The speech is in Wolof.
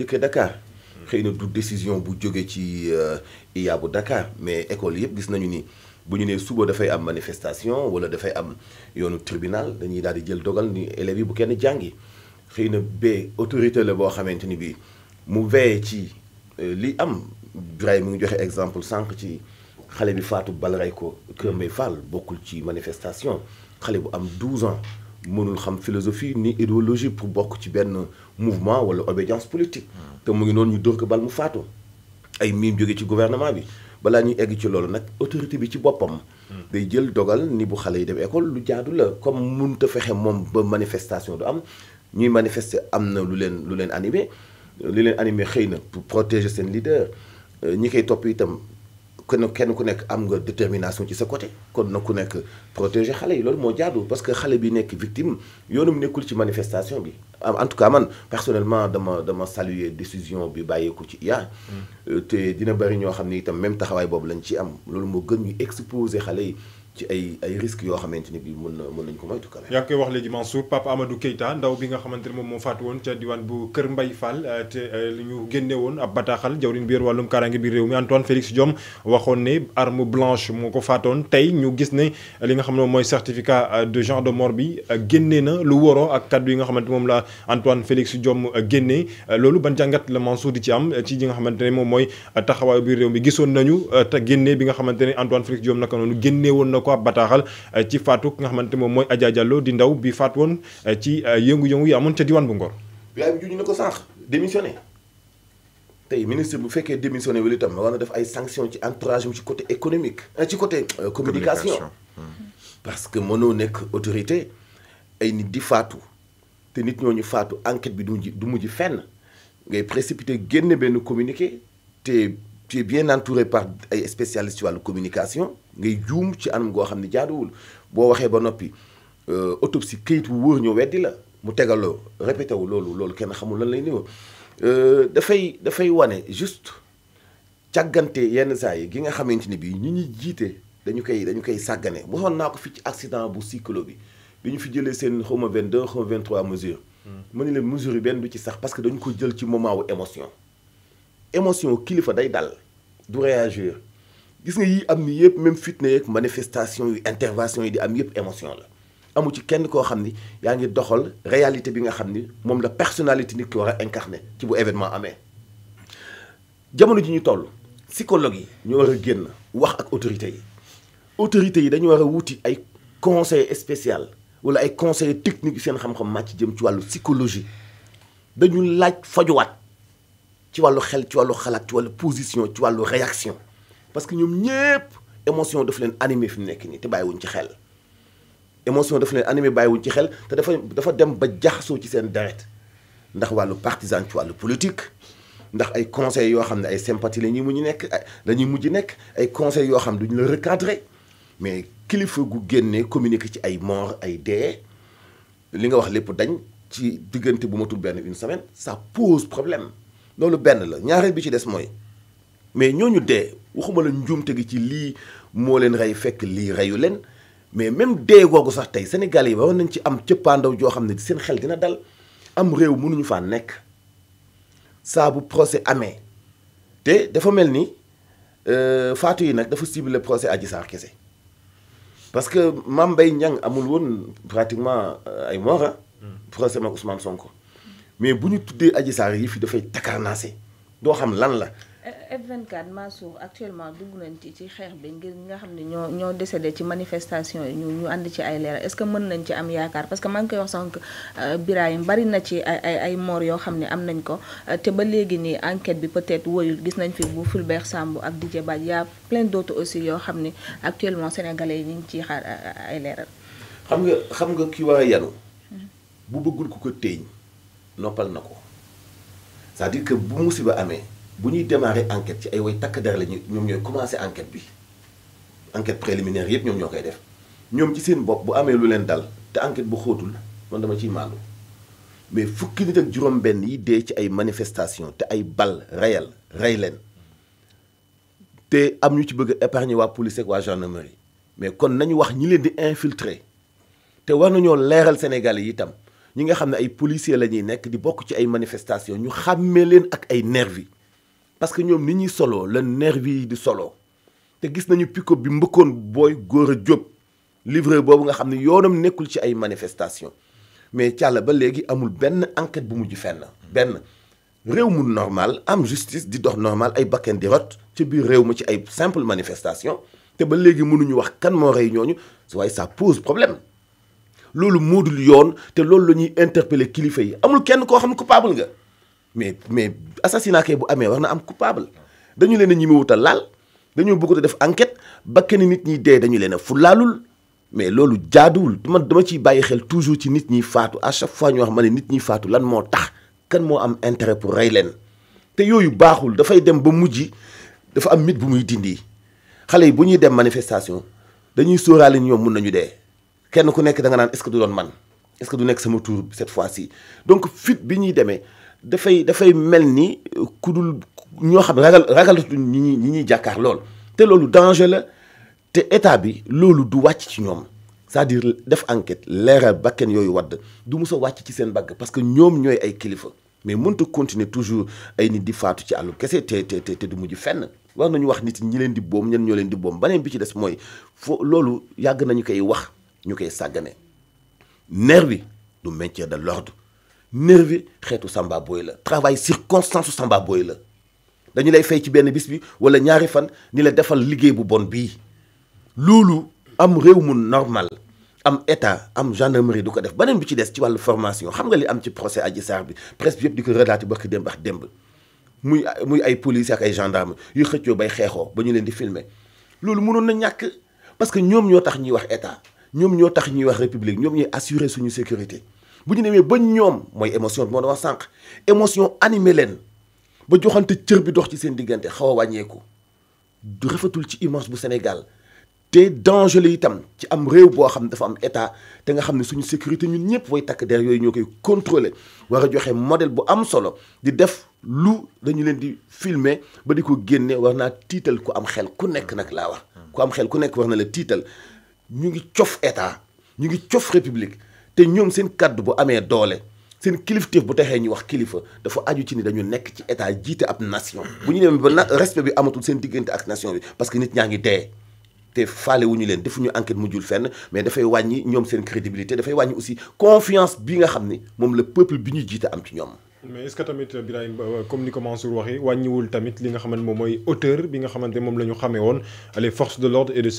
njëkkee Dakar xëy na du décision bu jóge ci euh, IA bu Dakar mais école yëpp gis nañu ni bu ñu nee suba dafay am manifestation wala dafay am yoonu tribunal dañuy daal di jël dogal ni élèves yi bu kenn jàngi xëy na bee autorité la boo xamante ni bii mu veillé ci euh, li am Ibrahima mu ngi joxe exemple sànq ci xale bi faatu bal rey ko Kër Mbaye Fall bokkul ci manifestation xale bu am 12 ans mënul xam philosophie ni idéologie pour bokk ci benn mouvement wala obédience politique. Hmm. te mu ngi noonu ñu dóor ko bal mu faatu. ay miim jóge ci gouvernement bi balaa ñuy egg ci loolu nag autorité bi ci boppam. Hmm. day jël dogal ni bu xale yi dem école lu jaadu la comme mënut a fexe moom ba manifestation du am ñuy manifester am na lu leen lu leen animé. li leen animé xëy na pour protéger seen leader euh, ñi koy topp itam. kenn kenn ku nekk am nga détermination ci sa côté kon na ku nekk protéger xale yi loolu moo jaadu parce que xale bi nekk victime yoonum nekkul ci manifestation bi en tout cas man personnellement dama dama saluer décision bi bàyyeeku ci IA mm. euh, te dina bëri ñoo xam ne itam même taxawaay boobu lañ ci am loolu moo gën ñu exposer xale yi ci ay ay yoo xamante ni bi mën na mën nañ ko moytu quand moom moo faatu woon ca diwaan bu Kër Mbay Fall eh, te eh, biir wàllum kaaraange bi réew mi Antoine Félix Diome waxoon ko faatoon tey ñu gis ne eh, li nga xam ne mooy certificat de genre de mort bi génnee na lu waroo ak kaddu yi nga xamante moom la Antoine Félix Diome génnee loolu ban jàngat la Mansour di ci am ci nga xamante ne moom mooy taxawaayu biir réew mi gisoon nañu te génnee bi nga xamante ne Antoine Félix Diome naka noonu génnee woon na ko ab bataaxal eh, ci faatu ki nga xamante moom mooy Adja Diallo di ndaw bi faatu woon eh, ci eh, yëngu-yëngu yi amoon ca diwaan bu Ngor. Birahim Diouf ñu ne ko sànq démissionné tey ministre bu fekkee démissionné wala itam war na def ay sanctions ci entourage ci côté économique ci côté. Euh, communication hmm. parce que mënoo nekk autorité ay nit di faatu te nit ñooñu faatu enquête bi du mujj du mujj fenn ngay précipité génn benn communiqué te tu es bien entouré par ay spécialistes ci wàllu communication. ngay juum ci anam goo xam ne jaaduwul boo waxee ba noppi euh, autopsie këyit wu wóor ñëw weddi la mu tegaloo répété loolu loolu kenn xamul lan lay niwa euh, dafay dafay wane juste càggante yenn saa yi gi nga xamante ni bii ñu ñuy jiite dañu koy dañu koy sàggane mosoon naa ko fi ci accident bu cyclo bi bi ñu fi jëlee seen xawma 22 xawma 23 mesures hmm. ma ne leen mesures yi benn du ci sax parce que dañu ko jël ci moment wu émotion émotion kilifa day dal du gis nga yi am ni yëpp même fitna yeeg manifestation yu intervention yi di am yëpp émotion la amul ci kenn koo xam ni yaa ngi doxal réalité bi nga xam ni moom la personnalité nit ki war a incarné ci bu événement amee jamono ji ñu toll psychologue yi ñu war a génn wax ak autorité yi autorité yi dañu war a wuti ay conseil spécial wala ay conseil technique yu seen xam-xam màcc jëm ci wàllu psychologie dañu laaj fajuwaat ci wàllu xel ci wàllu xalaat ci wàllu position ci wàllu réaction parce que ñoom ñëpp émotion daf leen animé fi mu nekk nii te bàyyiwuñ ci xel émotion daf leen animé bàyyiwuñ ci xel te dafa dafa dem ba jaxasoo ci seen deret ndax wàllu partisan ci wàllu politique ndax ay conseils yoo xam ne ay sympathie la mu ñu nekk la ñuy mujj nekk ay conseils yoo xam ne duñu la recadrer mais kilifa gu génne communiqué ci ay mort ay dee li nga wax lépp dañ ci diggante bu matul benn une semaine sa pose problème loolu benn la ñaaree bi ci des mooy mais ñooñu dee waxuma la njuumte gi ci lii moo leen rey fekk lii reyu leen mais même dee googu sax tey Sénégal yi war nañ ci am cëppaandaw joo xam ne di seen xel dina dal am réew munuñu faa nekk saa bu procès amee te dafa mel ni euh, faatu yi nag dafa ciblé procès Adji Sarr kese parce que Mame Mbaye Niang amul woon pratiquement euh, ay moora mm. procès mag Ousmane Sonko mais bu ñu tuddee Adji Sarr yi fi dafay takarnaase doo xam lan la F24 Mansour actuellement dugg nañ ci ci xeex bi ngir nga xam ne ñoo ñoo décédé ci manifestation yi ñu ñu ànd ci ay leeral est-ce que mën nañ ci am yaakaar parce que maa ngi koy wax sànq euh, Birahim bari na ci ay ay moor yoo xam ne am nañ ko euh, te ba léegi nii enquête bi peut-être woyul gis nañ fi bu Fulbert Sambou ak Didier Badji y a plein d'autres aussi yoo xam ni actuellement sénégalais yi ñu ngi ciy xaar euh, ay leeral. xam nga xam nga ki war a mhm. bu bëggul ku ko téeñ noppal na ko c'est-à-dire que amee. bu ñuy démarrer enquête ci ay way takk der la ñu ñoom ñooy commencer enquête bi enquête préliminaire yëpp ñoom ñoo koy def ñoom ci seen bopp bu amee lu leen dal te enquête bu xóotul man dama ciy màndu mais fukki nit ak juróom-benn yi dee ci ay manifestation te ay bal reyal rey leen te am ñu ci bëgg a épargner waa police ak waa gendarmerie mais kon nañu wax ñi leen di infiltrer te war nañoo leeral Sénégalais yi itam ñi nga xam ne ay policiers la ñuy nekk di bokk ci ay manifestation ñu xàmmee leen ak ay nervi parce que ñoom ni ñuy soloo la nervi yi di solo te gis nañu pick bi mbëkkoon booy góor a jóg livreur boobu nga xam ne yoonam nekkul ci ay manifestation mais càlla ba léegi amul benn enquête bu mujj fenn benn réew mu normal am justice di dox normal ay bakkan di rot ci biir réew ma ci ay simple manifestation te ba léegi mënuñu wax kan moo rey ñooñu waaye ça pose problème loolu moodul yoon te loolu la ñuy interpeller kilifa yi amul kenn koo xam ne coupable nga mais mais assassinat bu amee war na am coupable dañu leen a ñi wuta laal dañoo bëgg a def enquête ba kenn nit ñi dee dañu leen a laalul mais loolu jaaduwul man dama ciy bàyyi xel toujours ci nit ñi faatu à chaque fois ñu wax ma ne nit ñi faatu lan moo tax kan moo am intérêt pour rey leen te yooyu baaxul dafay dem ba mujj dafa am mit bu muy dindi xale yi bu ñuy dem manifestation dañuy sóoraale ñoom mun nañu dee kenn ku nekk da nga naan est-ce que man est-ce nekk sama tour cette fois-ci donc fit bi ñuy demee. dafay dafay mel ni ku dul ñoo xam ragal ragalatuñ ñi ñuy ñi ñuy jàkkaar lool te loolu danger la te état bi loolu du wàcc ci ñoom cest à def enquête leeral bakken yooyu wadd du mus wàcc ci seen bagg parce que ñoom ñooy ay kilifa mais mënta continuer toujours ay nit di faatu ci àllu kese te te du mujj fenn war nañu wax nit ñi leen di boom ñen ñoo leen di boom baneen bi ci des mooy foo loolu yàgg nañu koy wax ñu koy sàggane neer bi du maintien de l'ordre nervi xeetu samba booy la travail circonstance su samba booy la dañu lay fay ci benn bis bi wala ñaari fan ni la defal liggéey bu bon bii loolu am réew mu normal am état am gendarmerie du ko def beneen bi ci des ci wàllu formation xam nga li am ci procès Adji Sarr bi presse bi yëpp di ko relaté barki démb ak démb muy muy ay police ak ay gendarme yu xëccoo bay xeexoo ba ñu leen di filmer loolu munoon na ñàkk parce que ñoom ñoo tax ñuy wax état ñoom ñoo tax ñuy wax république ñoom ñooy assurer suñu sécurité bu ñu demee ba ñoom mooy émotion moo doon wax sànq émotion animé leen ba joxante cër bi dox ci seen diggante xaw a wàññeeku du rafetul ci image bu Sénégal te danger la itam ci am réew boo xam ne dafa am état te nga xam ne suñu sécurité ñun ñëpp way takk der yooyu ñoo koy contrôler war a joxe modèle bu am solo di def lu dañu leen di filmer ba di ko génne war naa tiital ku am xel ku nekk nag laa wax ku am xel ku nekk war na la tiital ñu ngi cof état ñu ngi cof république te ñoom seen kàddu bu amee doole seen kilifteef bu taxee ñu wax kilifa dafa aju ci ni dañu nekk ci état jiite ab nation. bu ñu demee ba na respect bi amatul seen diggante ak nation bi parce que nit ñaa ngi dee. te leen wu ñu leen defuñu enquête mujjul fenn mais dafay wàññi ñoom seen crédibilité dafay wàññi aussi confiance bi nga xam ni moom la peuple bi ñu jiite am ci ñoom. mais est-ce bi tamit euh, Birahim euh, comme ni ko Mansour waxee wàññiwul tamit li nga xamante moom mooy auteur bi nga xamante moom la ñu xamee woon les forces